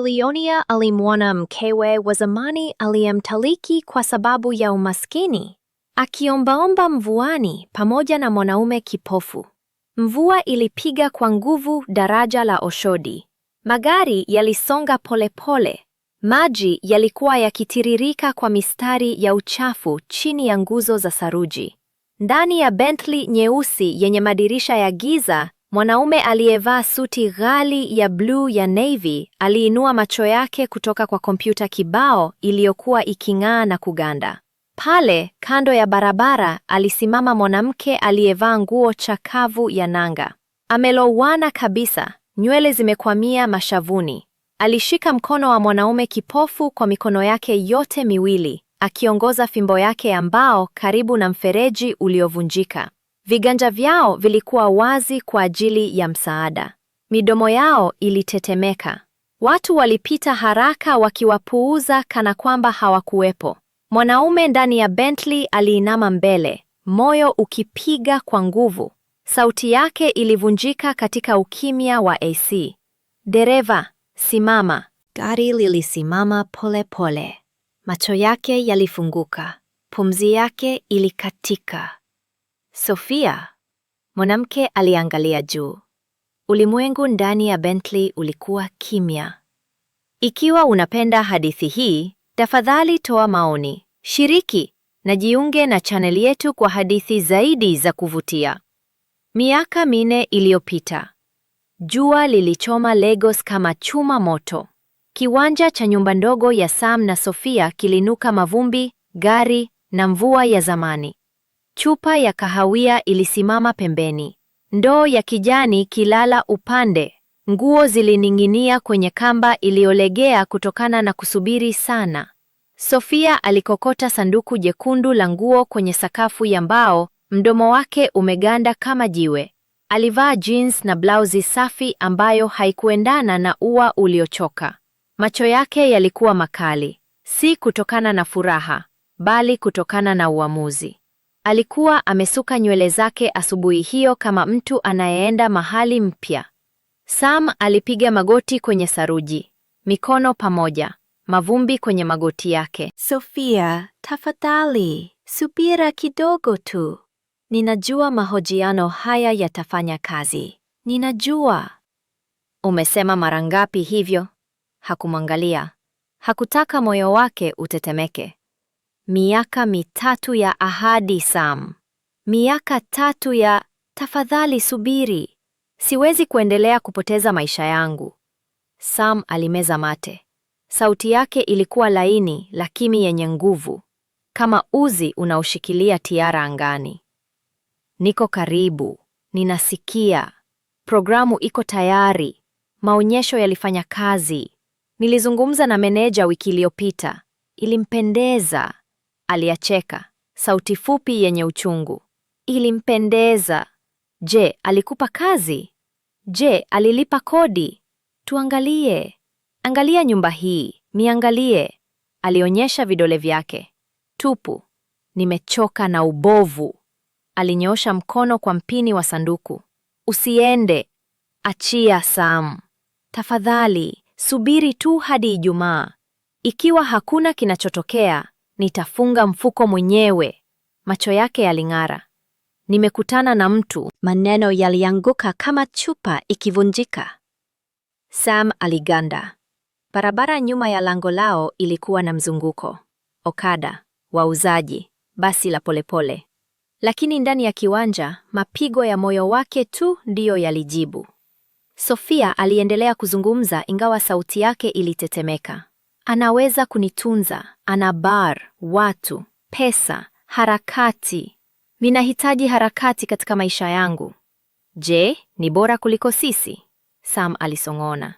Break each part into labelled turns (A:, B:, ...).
A: bilionia alimwona mkewe wa zamani aliyemtaliki kwa sababu ya umaskini akiombaomba mvuani pamoja na mwanaume kipofu. Mvua ilipiga kwa nguvu daraja la Oshodi. Magari yalisonga polepole pole. Maji yalikuwa yakitiririka kwa mistari ya uchafu chini ya nguzo za saruji. Ndani ya Bentley nyeusi yenye madirisha ya giza, Mwanaume aliyevaa suti ghali ya bluu ya navy aliinua macho yake kutoka kwa kompyuta kibao iliyokuwa iking'aa na kuganda. Pale kando ya barabara alisimama mwanamke aliyevaa nguo chakavu ya nanga. Amelowana kabisa, nywele zimekwamia mashavuni. Alishika mkono wa mwanaume kipofu kwa mikono yake yote miwili, akiongoza fimbo yake ya mbao karibu na mfereji uliovunjika. Viganja vyao vilikuwa wazi kwa ajili ya msaada. Midomo yao ilitetemeka. Watu walipita haraka wakiwapuuza kana kwamba hawakuwepo. Mwanaume ndani ya Bentley aliinama mbele, moyo ukipiga kwa nguvu. Sauti yake ilivunjika katika ukimya wa AC. Dereva, simama.
B: Gari lilisimama polepole pole. Macho yake yalifunguka, pumzi yake ilikatika. Sofia, mwanamke aliangalia juu. Ulimwengu ndani ya Bentley ulikuwa kimya. Ikiwa unapenda hadithi hii, tafadhali toa maoni, shiriki na jiunge na chaneli yetu kwa hadithi zaidi za kuvutia. Miaka minne iliyopita, jua lilichoma Lagos kama chuma moto. Kiwanja cha nyumba ndogo ya Sam na Sofia kilinuka mavumbi, gari na mvua ya zamani. Chupa ya kahawia ilisimama pembeni, ndoo ya kijani kilala upande. Nguo zilining'inia kwenye kamba iliyolegea kutokana na kusubiri sana. Sofia alikokota sanduku jekundu la nguo kwenye sakafu ya mbao, mdomo wake umeganda kama jiwe. Alivaa jeans na blauzi safi ambayo haikuendana na ua uliochoka. Macho yake yalikuwa makali, si kutokana na furaha, bali kutokana na uamuzi. Alikuwa amesuka nywele zake asubuhi hiyo kama mtu anayeenda mahali mpya. Sam alipiga magoti kwenye saruji, mikono pamoja, mavumbi kwenye magoti yake.
C: Sofia, tafadhali subira kidogo tu. Ninajua mahojiano haya yatafanya kazi, ninajua.
B: Umesema mara ngapi hivyo? Hakumwangalia, hakutaka moyo wake utetemeke. Miaka mitatu ya ahadi, Sam. Miaka tatu ya tafadhali subiri. Siwezi kuendelea kupoteza maisha yangu. Sam alimeza mate. Sauti yake ilikuwa laini lakini yenye nguvu, kama uzi unaoshikilia tiara angani. Niko karibu, ninasikia. Programu iko tayari. Maonyesho yalifanya kazi. Nilizungumza na meneja wiki iliyopita. Ilimpendeza. Aliyacheka, sauti fupi yenye uchungu. Ilimpendeza. Je, alikupa kazi? Je, alilipa kodi? Tuangalie. Angalia nyumba hii, niangalie. Alionyesha vidole vyake tupu. Nimechoka na ubovu. Alinyoosha mkono kwa mpini wa sanduku. Usiende, achia Sam. Tafadhali subiri tu hadi Ijumaa. Ikiwa hakuna kinachotokea, Nitafunga mfuko mwenyewe. Macho yake yaling'ara. Nimekutana na mtu.
C: Maneno yalianguka kama chupa ikivunjika.
B: Sam aliganda. Barabara nyuma ya lango lao ilikuwa na mzunguko, okada, wauzaji, basi la polepole. Lakini ndani ya kiwanja, mapigo ya moyo wake tu ndiyo yalijibu. Sofia aliendelea kuzungumza ingawa sauti yake ilitetemeka. Anaweza kunitunza, ana bar, watu, pesa, harakati. Ninahitaji harakati katika maisha yangu. Je, ni bora kuliko sisi? Sam alisong'ona.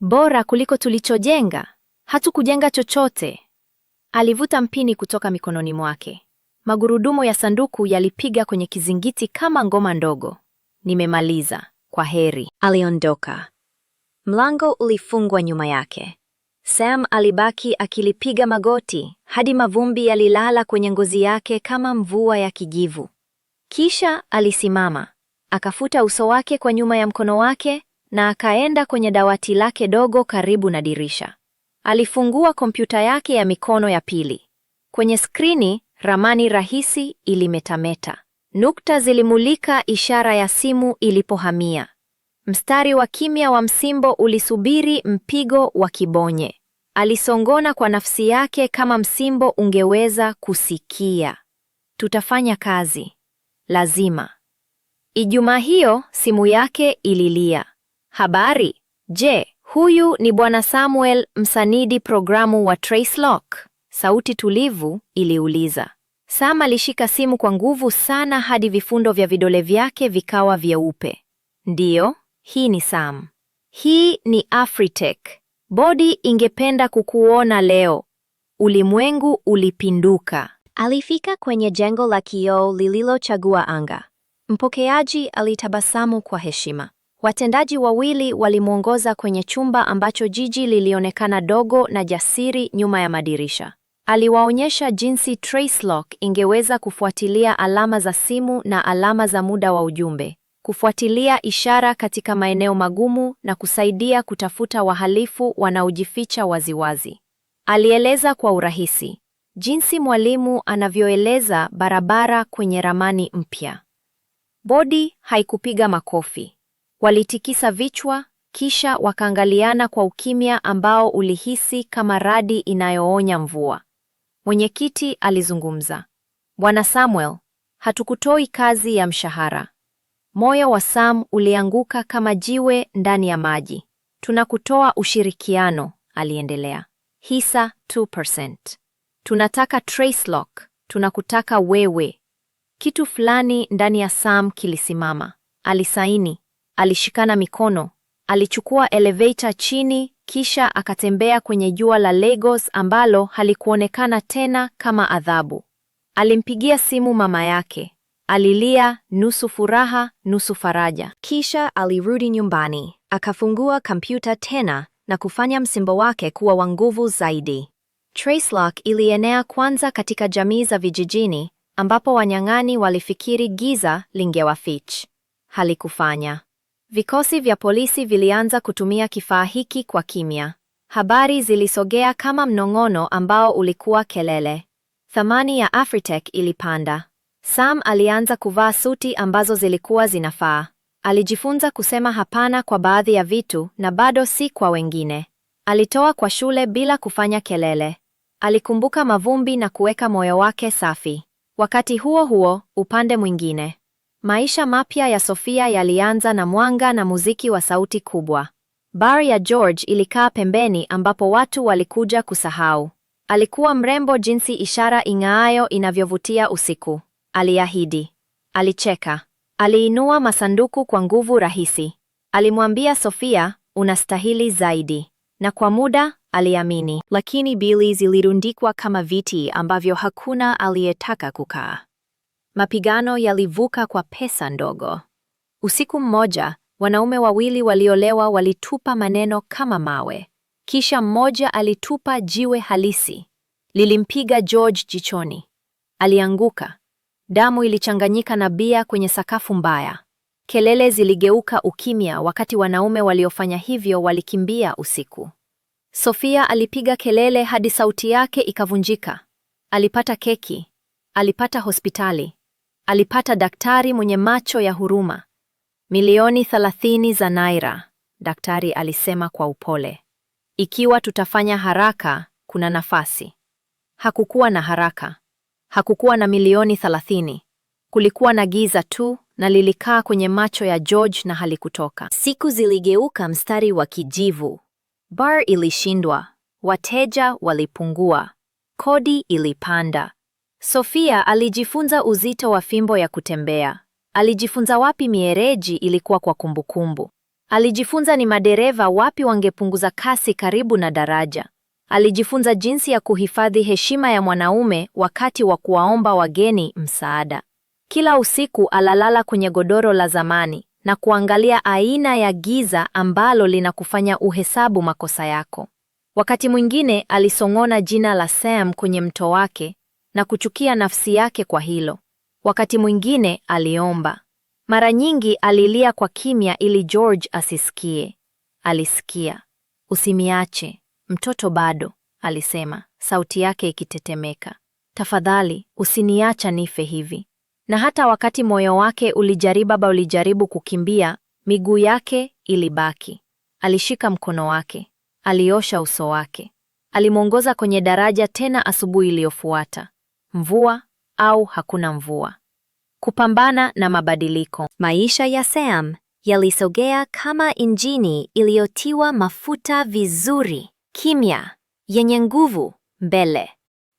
B: Bora kuliko tulichojenga? Hatukujenga chochote. Alivuta mpini kutoka mikononi mwake. Magurudumu ya sanduku yalipiga kwenye kizingiti kama ngoma ndogo. Nimemaliza, kwa heri. Aliondoka. Mlango ulifungwa nyuma yake. Sam alibaki akilipiga magoti hadi mavumbi yalilala kwenye ngozi yake kama mvua ya kijivu. Kisha alisimama, akafuta uso wake kwa nyuma ya mkono wake na akaenda kwenye dawati lake dogo karibu na dirisha. Alifungua kompyuta yake ya mikono ya pili. Kwenye skrini, ramani rahisi ilimetameta. Nukta zilimulika ishara ya simu ilipohamia. Mstari wa kimya wa msimbo ulisubiri mpigo wa kibonye. Alisongona kwa nafsi yake kama msimbo ungeweza kusikia. Tutafanya kazi. Lazima. Ijumaa hiyo simu yake ililia. Habari? Je, huyu ni Bwana Samuel, msanidi programu wa TraceLock? Sauti tulivu iliuliza. Sam alishika simu kwa nguvu sana hadi vifundo vya vidole vyake vikawa vyeupe. Ndiyo. Hii ni Sam. Hii ni Afritech. Bodi ingependa kukuona leo. Ulimwengu ulipinduka. Alifika kwenye jengo la kioo lililochagua anga. Mpokeaji alitabasamu kwa heshima. Watendaji wawili walimwongoza kwenye chumba ambacho jiji lilionekana dogo na jasiri nyuma ya madirisha. Aliwaonyesha jinsi Tracelock ingeweza kufuatilia alama za simu na alama za muda wa ujumbe kufuatilia ishara katika maeneo magumu na kusaidia kutafuta wahalifu wanaojificha waziwazi. Alieleza kwa urahisi jinsi mwalimu anavyoeleza barabara kwenye ramani mpya. Bodi haikupiga makofi. Walitikisa vichwa, kisha wakaangaliana kwa ukimya ambao ulihisi kama radi inayoonya mvua. Mwenyekiti alizungumza, Bwana Samuel, hatukutoi kazi ya mshahara, Moyo wa Sam ulianguka kama jiwe ndani ya maji. Tunakutoa ushirikiano, aliendelea. Hisa 2%. Tunataka lock, tunakutaka wewe. Kitu fulani ndani ya Sam kilisimama. Alisaini, alishikana mikono, alichukua elevator chini kisha akatembea kwenye jua la Lagos ambalo halikuonekana tena kama adhabu. Alimpigia simu mama yake. Alilia nusu furaha, nusu faraja. Kisha alirudi nyumbani, akafungua kompyuta tena na kufanya msimbo wake kuwa wa nguvu zaidi. Tracelock ilienea kwanza katika jamii za vijijini ambapo wanyang'ani walifikiri giza lingewafich. Halikufanya. Vikosi vya polisi vilianza kutumia kifaa hiki kwa kimya. Habari zilisogea kama mnong'ono ambao ulikuwa kelele. Thamani ya Afritech ilipanda. Sam alianza kuvaa suti ambazo zilikuwa zinafaa. Alijifunza kusema hapana kwa baadhi ya vitu na bado si kwa wengine. Alitoa kwa shule bila kufanya kelele. Alikumbuka mavumbi na kuweka moyo wake safi. Wakati huo huo, upande mwingine, maisha mapya ya Sofia yalianza na mwanga na muziki wa sauti kubwa. Bar ya George ilikaa pembeni ambapo watu walikuja kusahau. Alikuwa mrembo jinsi ishara ing'aayo inavyovutia usiku aliahidi. Alicheka, aliinua masanduku kwa nguvu rahisi. Alimwambia Sofia, unastahili zaidi, na kwa muda aliamini. Lakini bili zilirundikwa kama viti ambavyo hakuna aliyetaka kukaa. Mapigano yalivuka kwa pesa ndogo. Usiku mmoja, wanaume wawili waliolewa walitupa maneno kama mawe, kisha mmoja alitupa jiwe halisi. Lilimpiga George jichoni. Alianguka, Damu ilichanganyika na bia kwenye sakafu mbaya. Kelele ziligeuka ukimya wakati wanaume waliofanya hivyo walikimbia usiku. Sofia alipiga kelele hadi sauti yake ikavunjika. Alipata keki, alipata hospitali, alipata daktari mwenye macho ya huruma. Milioni thelathini za naira, daktari alisema kwa upole. Ikiwa tutafanya haraka, kuna nafasi. Hakukuwa na haraka. Hakukuwa na milioni thelathini. Kulikuwa na giza tu na lilikaa kwenye macho ya George na halikutoka. Siku ziligeuka mstari wa kijivu. Bar ilishindwa, wateja walipungua, kodi ilipanda. Sofia alijifunza uzito wa fimbo ya kutembea. Alijifunza wapi miereji ilikuwa kwa kumbukumbu. Alijifunza ni madereva wapi wangepunguza kasi karibu na daraja alijifunza jinsi ya kuhifadhi heshima ya mwanaume wakati wa kuwaomba wageni msaada. Kila usiku alalala kwenye godoro la zamani na kuangalia aina ya giza ambalo linakufanya uhesabu makosa yako. Wakati mwingine alisong'ona jina la Sam kwenye mto wake na kuchukia nafsi yake kwa hilo. Wakati mwingine aliomba. Mara nyingi alilia kwa kimya ili George asisikie. Alisikia. Usiniache. Mtoto bado, alisema, sauti yake ikitetemeka. Tafadhali usiniacha nife hivi. Na hata wakati moyo wake ulijaribaba ulijaribu kukimbia, miguu yake ilibaki. Alishika mkono wake, aliosha uso wake, alimwongoza kwenye daraja tena. Asubuhi iliyofuata, mvua au hakuna mvua, kupambana na mabadiliko.
C: Maisha ya Sam yalisogea kama injini iliyotiwa mafuta vizuri kimya yenye nguvu mbele.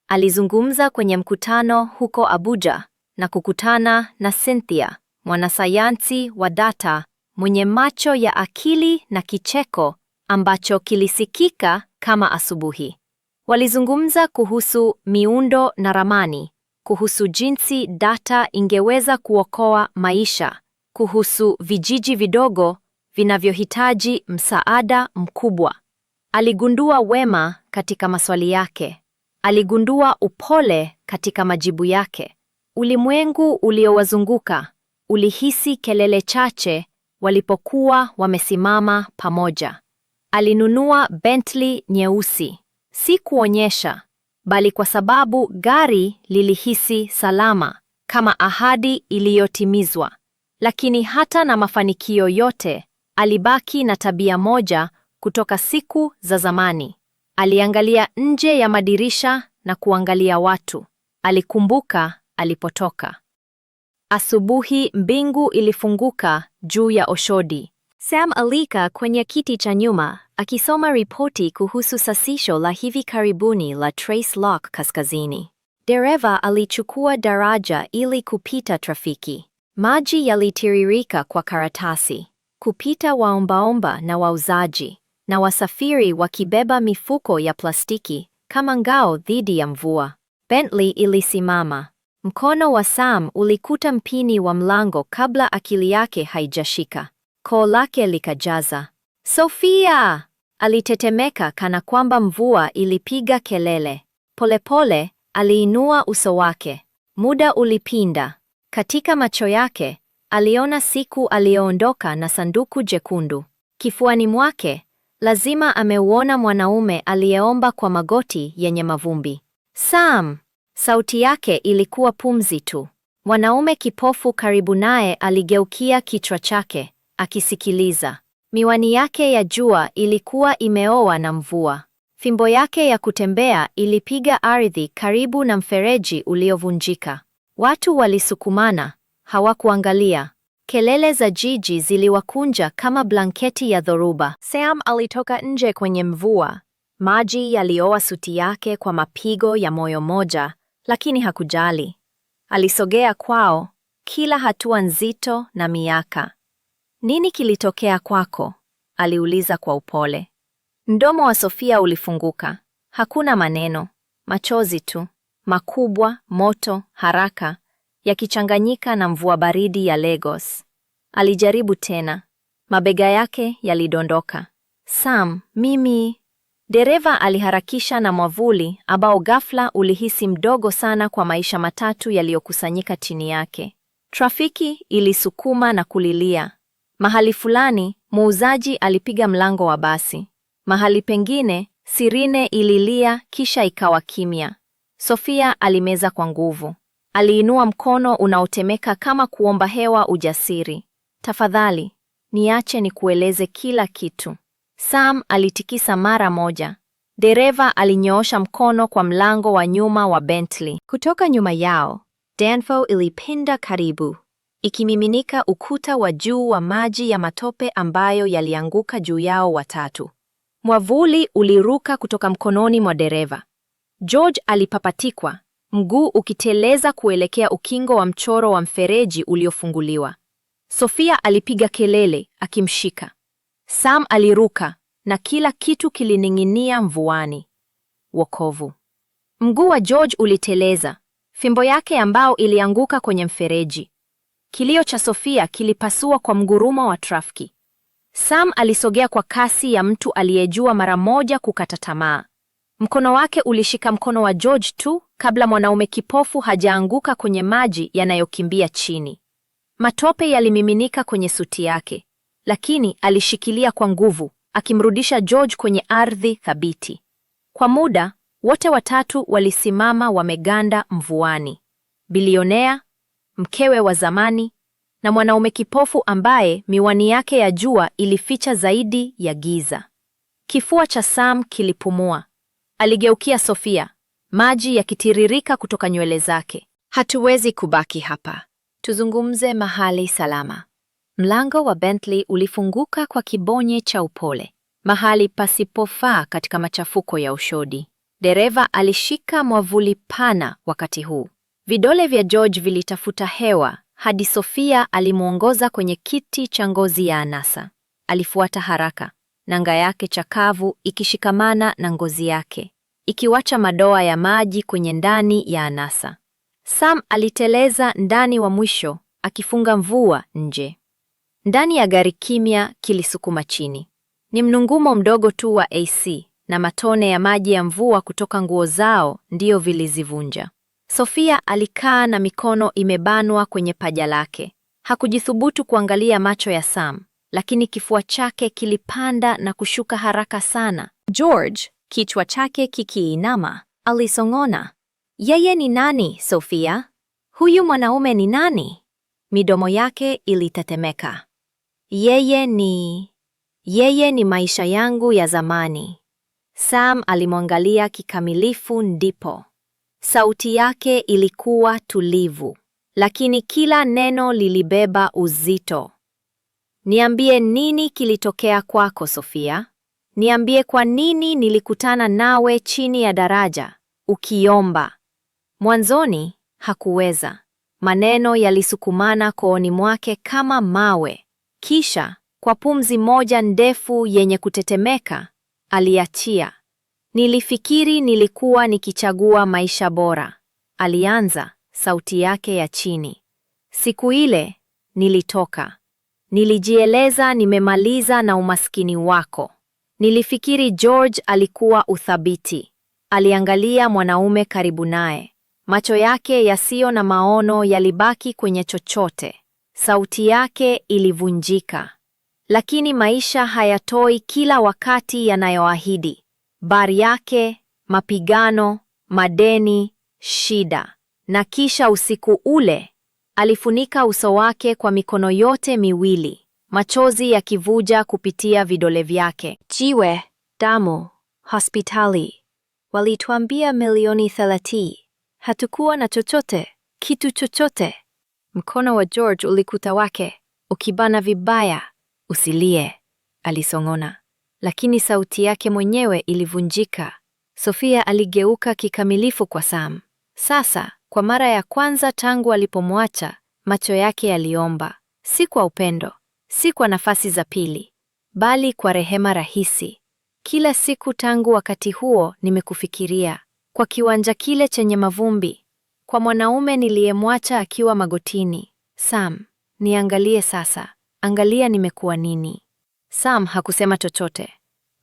C: Alizungumza kwenye mkutano huko Abuja na kukutana na Cynthia, mwanasayansi wa data mwenye macho ya akili na kicheko ambacho kilisikika kama asubuhi. Walizungumza kuhusu miundo na ramani, kuhusu jinsi data ingeweza kuokoa maisha, kuhusu vijiji vidogo vinavyohitaji msaada mkubwa. Aligundua wema katika maswali yake. Aligundua upole katika majibu yake. Ulimwengu uliowazunguka ulihisi kelele chache walipokuwa wamesimama pamoja. Alinunua Bentley nyeusi, si kuonyesha, bali kwa sababu gari lilihisi salama, kama ahadi iliyotimizwa. Lakini hata na mafanikio yote, alibaki na tabia moja kutoka siku za zamani. Aliangalia nje ya madirisha na kuangalia watu. Alikumbuka alipotoka. Asubuhi mbingu ilifunguka juu ya Oshodi. Sam alika kwenye kiti cha nyuma akisoma ripoti kuhusu sasisho la hivi karibuni la Trace Lock Kaskazini. Dereva alichukua daraja ili kupita trafiki. Maji yalitiririka kwa karatasi, kupita waombaomba na wauzaji na wasafiri wakibeba mifuko ya plastiki kama ngao dhidi ya mvua. Bentley ilisimama. Mkono wa Sam ulikuta mpini wa mlango kabla akili yake haijashika. Koo lake likajaza. Sofia! Alitetemeka kana kwamba mvua ilipiga kelele. Polepole aliinua uso wake. Muda ulipinda. Katika macho yake aliona siku aliyoondoka na sanduku jekundu. Kifuani mwake lazima ameuona mwanaume aliyeomba kwa magoti yenye mavumbi. Sam, sauti yake ilikuwa pumzi tu. Mwanaume kipofu karibu naye aligeukia kichwa chake akisikiliza. Miwani yake ya jua ilikuwa imeoa na mvua. Fimbo yake ya kutembea ilipiga ardhi karibu na mfereji uliovunjika. Watu walisukumana, hawakuangalia. Kelele za jiji ziliwakunja kama blanketi ya dhoruba. Sam alitoka nje kwenye mvua. Maji yalioa suti yake kwa mapigo ya moyo moja, lakini hakujali. Alisogea kwao, kila hatua nzito na miaka. Nini kilitokea kwako? aliuliza kwa upole. Mdomo wa Sofia ulifunguka. Hakuna maneno, machozi tu, makubwa, moto, haraka, yakichanganyika na mvua baridi ya Lagos. Alijaribu tena, mabega yake yalidondoka. Sam, mimi... Dereva aliharakisha na mwavuli ambao ghafla ulihisi mdogo sana kwa maisha matatu yaliyokusanyika chini yake. Trafiki ilisukuma na kulilia. Mahali fulani muuzaji alipiga mlango wa basi, mahali pengine sirine ililia, kisha ikawa kimya. Sofia alimeza kwa nguvu. Aliinua mkono unaotemeka kama kuomba hewa, ujasiri. Tafadhali niache nikueleze kila kitu. Sam alitikisa mara moja. Dereva alinyoosha mkono kwa mlango wa nyuma wa Bentley. Kutoka nyuma yao, Danfo ilipinda karibu, ikimiminika ukuta wa juu wa maji ya matope ambayo yalianguka juu yao watatu. Mwavuli uliruka kutoka mkononi mwa dereva. George alipapatikwa mguu ukiteleza kuelekea ukingo wa mchoro wa mfereji uliofunguliwa. Sofia alipiga kelele akimshika. Sam aliruka na kila kitu kilining'inia mvuani. Wokovu. Mguu wa George uliteleza, fimbo yake ambao ilianguka kwenye mfereji. Kilio cha Sofia kilipasua kwa mgurumo wa trafiki. Sam alisogea kwa kasi ya mtu aliyejua mara moja kukata tamaa. Mkono wake ulishika mkono wa George tu kabla mwanaume kipofu hajaanguka kwenye maji yanayokimbia chini. Matope yalimiminika kwenye suti yake, lakini alishikilia kwa nguvu, akimrudisha George kwenye ardhi thabiti. Kwa muda wote watatu walisimama wameganda mvuani: bilionea, mkewe wa zamani na mwanaume kipofu ambaye miwani yake ya jua ilificha zaidi ya giza. Kifua cha Sam kilipumua. Aligeukia Sofia maji yakitiririka kutoka nywele zake.
B: Hatuwezi kubaki hapa, tuzungumze mahali salama. Mlango wa Bentley ulifunguka kwa kibonye cha upole, mahali pasipofaa katika machafuko ya ushodi. Dereva alishika mwavuli pana wakati huu. Vidole vya George vilitafuta hewa hadi Sofia alimwongoza kwenye kiti cha ngozi ya anasa. Alifuata haraka, nanga yake chakavu ikishikamana na ngozi yake ikiwacha madoa ya maji kwenye ndani ya anasa. Sam aliteleza ndani wa mwisho akifunga mvua nje. Ndani ya gari kimya kilisukuma chini. Ni mnungumo mdogo tu wa AC na matone ya maji ya mvua kutoka nguo zao ndiyo vilizivunja. Sofia alikaa na mikono imebanwa kwenye paja lake. Hakujithubutu kuangalia macho ya Sam, lakini kifua chake kilipanda na kushuka haraka sana. George kichwa chake kikiinama, alisong'ona, yeye ni nani Sofia? Huyu mwanaume ni nani? Midomo yake ilitetemeka. Yeye ni... yeye ni maisha yangu ya zamani. Sam alimwangalia kikamilifu, ndipo sauti yake ilikuwa tulivu, lakini kila neno lilibeba uzito. Niambie nini kilitokea kwako Sofia? Niambie kwa nini nilikutana nawe chini ya daraja ukiomba. Mwanzoni hakuweza. Maneno yalisukumana kooni mwake kama mawe. Kisha kwa pumzi moja ndefu yenye kutetemeka aliachia. Nilifikiri nilikuwa nikichagua maisha bora, alianza sauti yake ya chini. Siku ile nilitoka, nilijieleza nimemaliza na umaskini wako. Nilifikiri George alikuwa uthabiti. Aliangalia mwanaume karibu naye, macho yake yasiyo na maono yalibaki kwenye chochote. Sauti yake ilivunjika. Lakini maisha hayatoi kila wakati yanayoahidi. Bari yake, mapigano, madeni, shida. Na kisha usiku ule, alifunika uso wake kwa mikono yote miwili machozi yakivuja kupitia vidole vyake. Jiwe, damu, hospitali. Walituambia milioni thelathini. Hatukuwa na chochote, kitu chochote. Mkono wa George ulikuta wake ukibana vibaya. Usilie, alisong'ona, lakini sauti yake mwenyewe ilivunjika. Sofia aligeuka kikamilifu kwa Sam. Sasa kwa mara ya kwanza tangu alipomwacha, macho yake yaliomba, si kwa upendo, si kwa nafasi za pili, bali kwa rehema rahisi. Kila siku tangu wakati huo nimekufikiria, kwa kiwanja kile chenye mavumbi, kwa mwanaume niliyemwacha akiwa magotini. Sam, niangalie sasa, angalia nimekuwa nini. Sam hakusema chochote.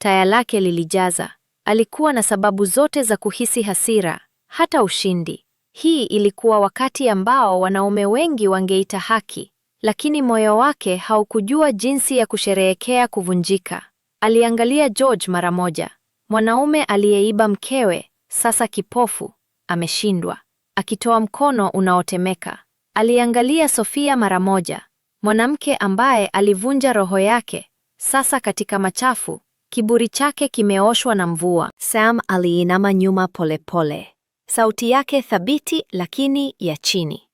B: Taya lake lilijaza. Alikuwa na sababu zote za kuhisi hasira, hata ushindi. Hii ilikuwa wakati ambao wanaume wengi wangeita haki, lakini moyo wake haukujua jinsi ya kusherehekea kuvunjika. Aliangalia George mara moja, mwanaume aliyeiba mkewe, sasa kipofu, ameshindwa, akitoa mkono unaotemeka. Aliangalia Sofia mara moja, mwanamke ambaye alivunja roho yake, sasa katika machafu, kiburi chake kimeoshwa na mvua. Sam aliinama nyuma polepole pole. Sauti yake thabiti lakini ya chini.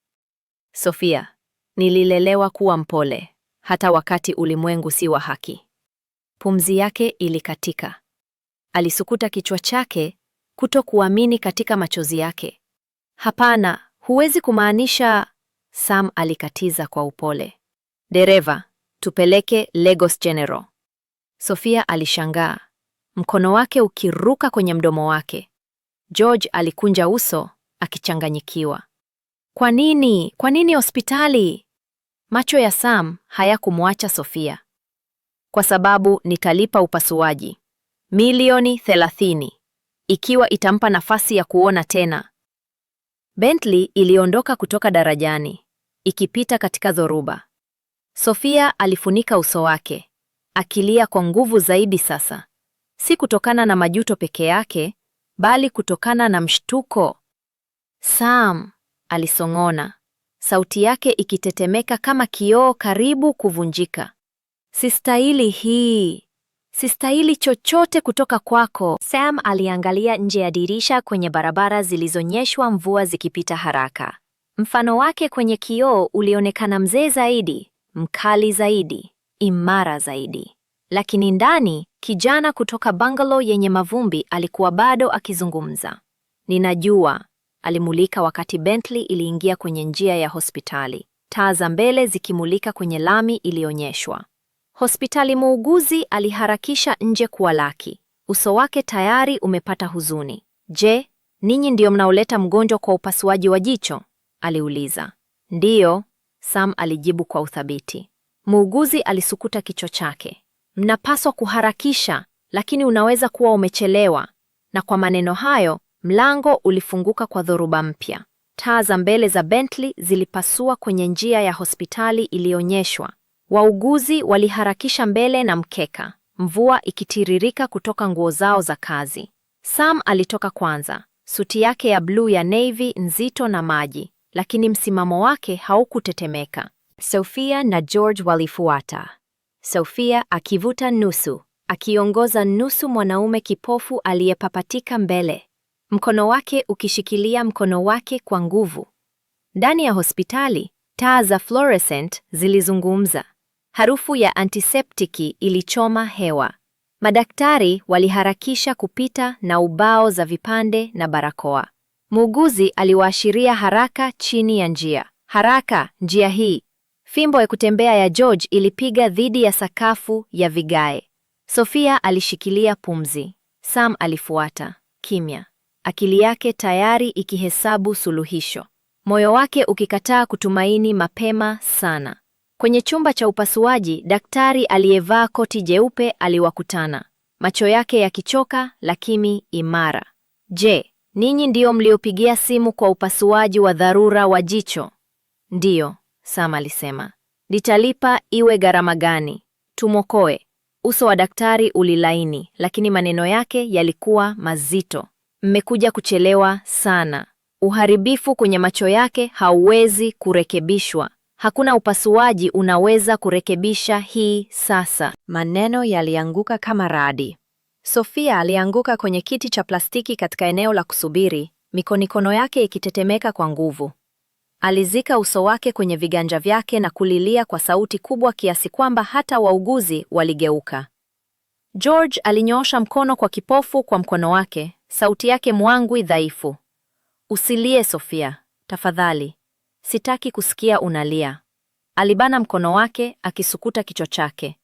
B: Sofia, Nililelewa kuwa mpole, hata wakati ulimwengu si wa haki. Pumzi yake ilikatika. Alisukuta kichwa chake, kutokuamini katika machozi yake. Hapana, huwezi kumaanisha. Sam alikatiza kwa upole. Dereva, tupeleke Lagos General. Sofia alishangaa, mkono wake ukiruka kwenye mdomo wake. George alikunja uso akichanganyikiwa. Kwa nini? Kwa nini hospitali? Macho ya Sam hayakumwacha Sofia. Kwa sababu nitalipa upasuaji milioni thelathini ikiwa itampa nafasi ya kuona tena. Bentley iliondoka kutoka darajani ikipita katika dhoruba. Sofia alifunika uso wake akilia kwa nguvu zaidi sasa, si kutokana na majuto peke yake, bali kutokana na mshtuko. Sam, alisong'ona, sauti yake ikitetemeka kama kioo karibu kuvunjika. Sistahili hii, sistahili chochote kutoka kwako. Sam aliangalia nje ya dirisha kwenye barabara zilizonyeshwa mvua zikipita haraka. Mfano wake kwenye kioo ulionekana mzee zaidi, mkali zaidi, imara zaidi, lakini ndani, kijana kutoka bungalow yenye mavumbi alikuwa bado akizungumza. Ninajua alimulika wakati Bentley iliingia kwenye njia ya hospitali, taa za mbele zikimulika kwenye lami ilionyeshwa. Hospitali, muuguzi aliharakisha nje kuwalaki, uso wake tayari umepata huzuni. Je, ninyi ndio mnaoleta mgonjwa kwa upasuaji wa jicho? aliuliza. Ndiyo, Sam alijibu kwa uthabiti. Muuguzi alisukuta kichwa chake. Mnapaswa kuharakisha, lakini unaweza kuwa umechelewa. Na kwa maneno hayo Mlango ulifunguka kwa dhoruba mpya. Taa za mbele za Bentley zilipasua kwenye njia ya hospitali iliyoonyeshwa. Wauguzi waliharakisha mbele na mkeka, mvua ikitiririka kutoka nguo zao za kazi. Sam alitoka kwanza, suti yake ya bluu ya navy nzito na maji, lakini msimamo wake haukutetemeka. Sofia na George walifuata, Sofia akivuta nusu, akiongoza nusu mwanaume kipofu aliyepapatika mbele mkono wake ukishikilia mkono wake kwa nguvu. Ndani ya hospitali, taa za fluorescent zilizungumza. Harufu ya antiseptiki ilichoma hewa. Madaktari waliharakisha kupita na ubao za vipande na barakoa. Muuguzi aliwaashiria haraka chini ya njia. Haraka, njia hii. Fimbo ya kutembea ya George ilipiga dhidi ya sakafu ya vigae. Sofia alishikilia pumzi. Sam alifuata kimya akili yake tayari ikihesabu suluhisho, moyo wake ukikataa kutumaini mapema sana. Kwenye chumba cha upasuaji, daktari aliyevaa koti jeupe aliwakutana, macho yake yakichoka lakini imara. Je, ninyi ndio mliopigia simu kwa upasuaji wa dharura wa jicho? Ndiyo, Sam alisema. Nitalipa iwe gharama gani? Tumokoe. Uso wa daktari ulilaini, lakini maneno yake yalikuwa mazito mmekuja kuchelewa sana. Uharibifu kwenye macho yake hauwezi kurekebishwa. Hakuna upasuaji unaweza kurekebisha hii sasa. Maneno yalianguka kama radi. Sofia alianguka kwenye kiti cha plastiki katika eneo la kusubiri, mikonikono yake ikitetemeka kwa nguvu. Alizika uso wake kwenye viganja vyake na kulilia kwa sauti kubwa kiasi kwamba hata wauguzi waligeuka. George alinyoosha mkono kwa kipofu kwa mkono wake, sauti yake mwangwi dhaifu. Usilie Sofia, tafadhali. Sitaki kusikia unalia. Alibana mkono wake akisukuta kichwa chake.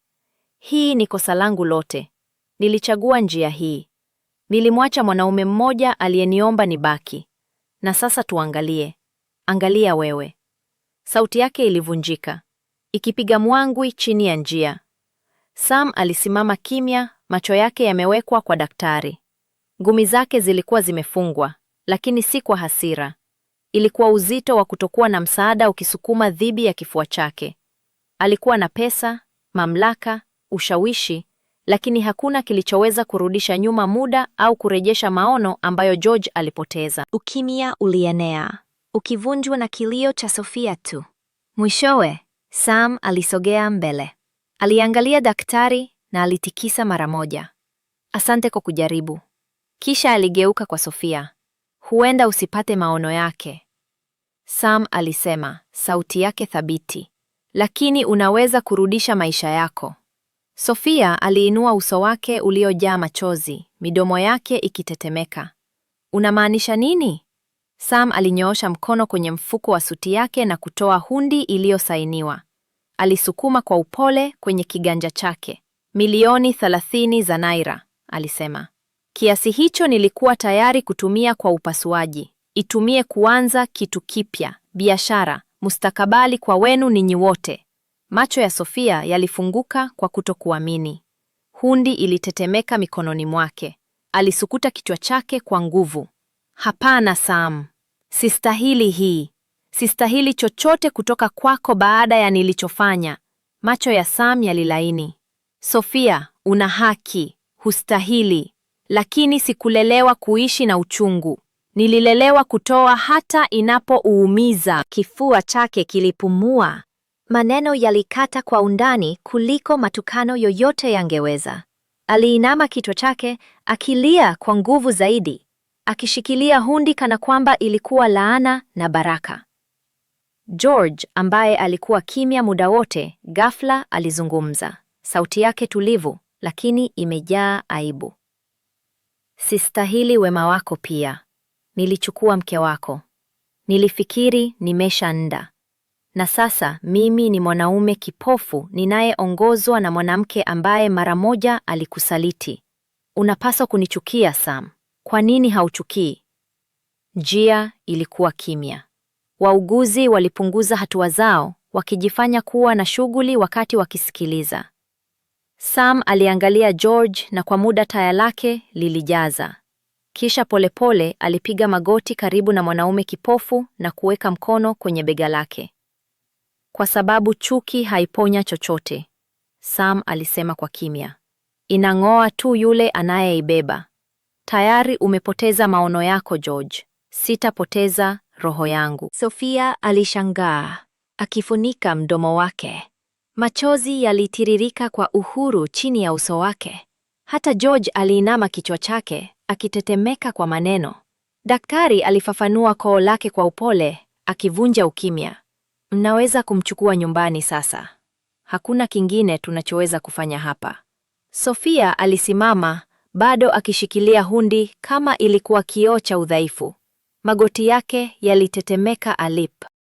B: Hii ni kosa langu lote. Nilichagua njia hii. Nilimwacha mwanaume mmoja aliyeniomba nibaki. Na sasa tuangalie. Angalia wewe. Sauti yake ilivunjika, ikipiga mwangwi chini ya njia. Sam alisimama kimya, macho yake yamewekwa kwa daktari. Ngumi zake zilikuwa zimefungwa, lakini si kwa hasira. Ilikuwa uzito wa kutokuwa na msaada ukisukuma dhidi ya kifua chake. Alikuwa na pesa, mamlaka, ushawishi, lakini hakuna kilichoweza kurudisha nyuma muda au kurejesha maono ambayo George alipoteza.
C: Ukimya ulienea, ukivunjwa na kilio cha Sofia tu. Mwishowe, Sam alisogea mbele. Aliangalia daktari na alitikisa mara moja. Asante kwa kujaribu. Kisha aligeuka kwa Sofia. Huenda usipate maono yake, Sam alisema, sauti yake thabiti, lakini unaweza kurudisha maisha yako. Sofia aliinua uso wake uliojaa machozi, midomo yake ikitetemeka. Unamaanisha nini? Sam alinyoosha mkono kwenye mfuko wa suti yake na kutoa hundi iliyosainiwa. Alisukuma kwa upole kwenye kiganja chake. Milioni thelathini za naira, alisema. Kiasi hicho nilikuwa tayari kutumia kwa upasuaji. Itumie kuanza kitu kipya, biashara, mustakabali kwa wenu ninyi wote. Macho ya Sofia yalifunguka kwa kutokuamini. Hundi ilitetemeka mikononi mwake. Alisukuta kichwa chake kwa nguvu. Hapana, Sam, sistahili hii. Sistahili chochote kutoka kwako baada ya nilichofanya. Macho ya Sam yalilaini. Sofia, una haki, hustahili. Lakini sikulelewa kuishi na uchungu. Nililelewa kutoa hata inapouumiza. Kifua chake kilipumua. Maneno yalikata kwa undani kuliko matukano yoyote yangeweza. Aliinama kichwa chake akilia kwa nguvu zaidi, akishikilia hundi kana kwamba ilikuwa laana na baraka. George ambaye alikuwa kimya muda wote, ghafla alizungumza, sauti yake tulivu lakini imejaa aibu. Sistahili wema wako pia. Nilichukua mke wako, nilifikiri nimeshaenda, na sasa mimi ni mwanaume kipofu ninayeongozwa na mwanamke ambaye mara moja alikusaliti. Unapaswa kunichukia Sam. Kwa nini hauchukii? njia ilikuwa kimya. Wauguzi walipunguza hatua zao, wakijifanya kuwa na shughuli wakati wakisikiliza. Sam aliangalia George na kwa muda taya lake lilijaza. Kisha polepole pole, alipiga magoti karibu na mwanaume kipofu na kuweka mkono kwenye bega lake. Kwa sababu chuki haiponya chochote, Sam alisema kwa kimya. Inang'oa tu yule anayeibeba. Tayari umepoteza maono yako George. Sitapoteza roho yangu. Sofia alishangaa, akifunika mdomo wake. Machozi yalitiririka kwa uhuru chini ya uso wake. Hata George aliinama kichwa chake, akitetemeka kwa maneno. Daktari alifafanua koo lake kwa upole, akivunja ukimya. Mnaweza kumchukua nyumbani sasa. Hakuna kingine tunachoweza kufanya hapa. Sofia alisimama, bado akishikilia hundi kama ilikuwa kioo cha udhaifu. Magoti yake yalitetemeka Alip.